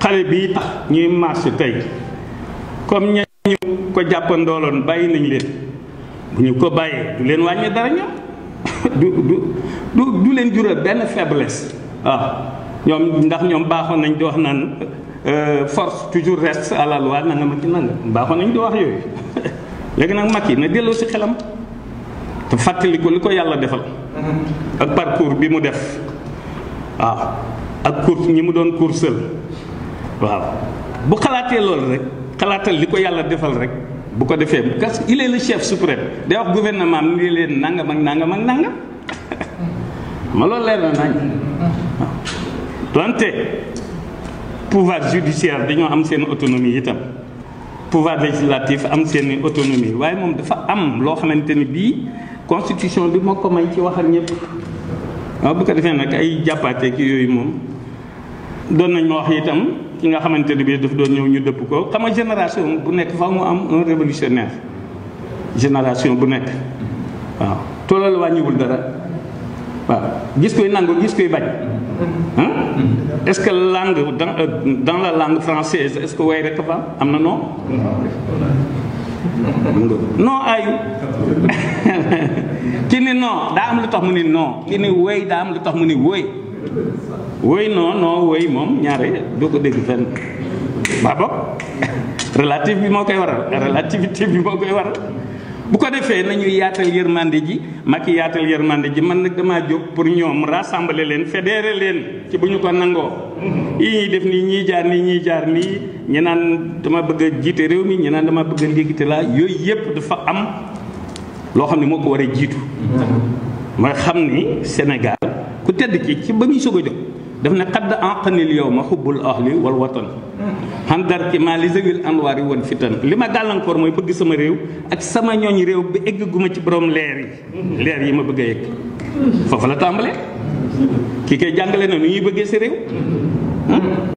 xale bii tax ñuy marché tey comme ña ñu ko jàppandooloon bàyyi nañ leen bu ñu ko bàyyee du leen wàññi dara ñoom du du du du leen jural benn faiblesse waaw ah, ñoom ndax ñoom baaxoon nañ di wax naan euh, force toujours reste à la loi nanga ma ci nanga baaxoon nañ di wax yooyu léegi nag mag yi na delloo si xelam te fàttali ko ko yàlla defal mm-hmm. ak parcours bi mu def waaw ah, ak course ñi mu doon coursel waaw bu xalaatee loolu rek xalaatal li ko yàlla rek bu ko defee parce que il est le chef suprême day wax gouvernement ni leen nangam ak nangam ak nangam ma loolu leer na nañ hmm. pouvoir judiciaire dañoo am seen autonomie itam pouvoir législatif am seen autonomie waaye moom dafa am loo xamante bi constitution bi moo ko may ci waxal ñëpp waaw bu ko defee nag ay jàppaatee ki yooyu moom doon nañ wax itam ki nga xamante ne bii daf doon ñëw ñu dëpp ko xam nga génération bu nekk fa mu am un révolutionnaire génération bu nekk waaw toolal wàññiwul dara waaw gis koy nangu gis koy bañ mm-hmm. est-ce que langue dans euh, dans la langue française est-ce que way rekk fa am na non non ayu ki ni non daa am lu tax mu ni non ki ni woy daa am lu tax mu ni woy woy non non woy moom ñaare doo ko dégg fenn ba bokk relative bi moo koy waral relativité bi moo koy waral bu ko defee nañuy yaatal yërmande ji Macky yaatal yërmande ji man nag damaa jóg pour ñoom rassembler leen fédérer leen ci bu ñu ko nangoo yii ñuy def nii ñuy jaar nii ñuy jaar nii ñenaan dama bëgg jiite réew mi ñi naan dama bëgg a laa yooyu yëpp dafa am loo xam ne moo ko war jiitu mooy xam ni Sénégal ku tedd ki ci ba muy soog a jóg daf ne xadd enqanil yow ma xubbul ahli wal watan xandar ci maa li zawil anwaar yi woon fitan li ma gàllankoor mooy bëgg sama réew ak sama ñooñ réew bi egg gu ma ci borom leer yi leer yi ma bëgg a yegg foofu la tàmbalee kii koy jàngale na nu ñuy bëggee si réew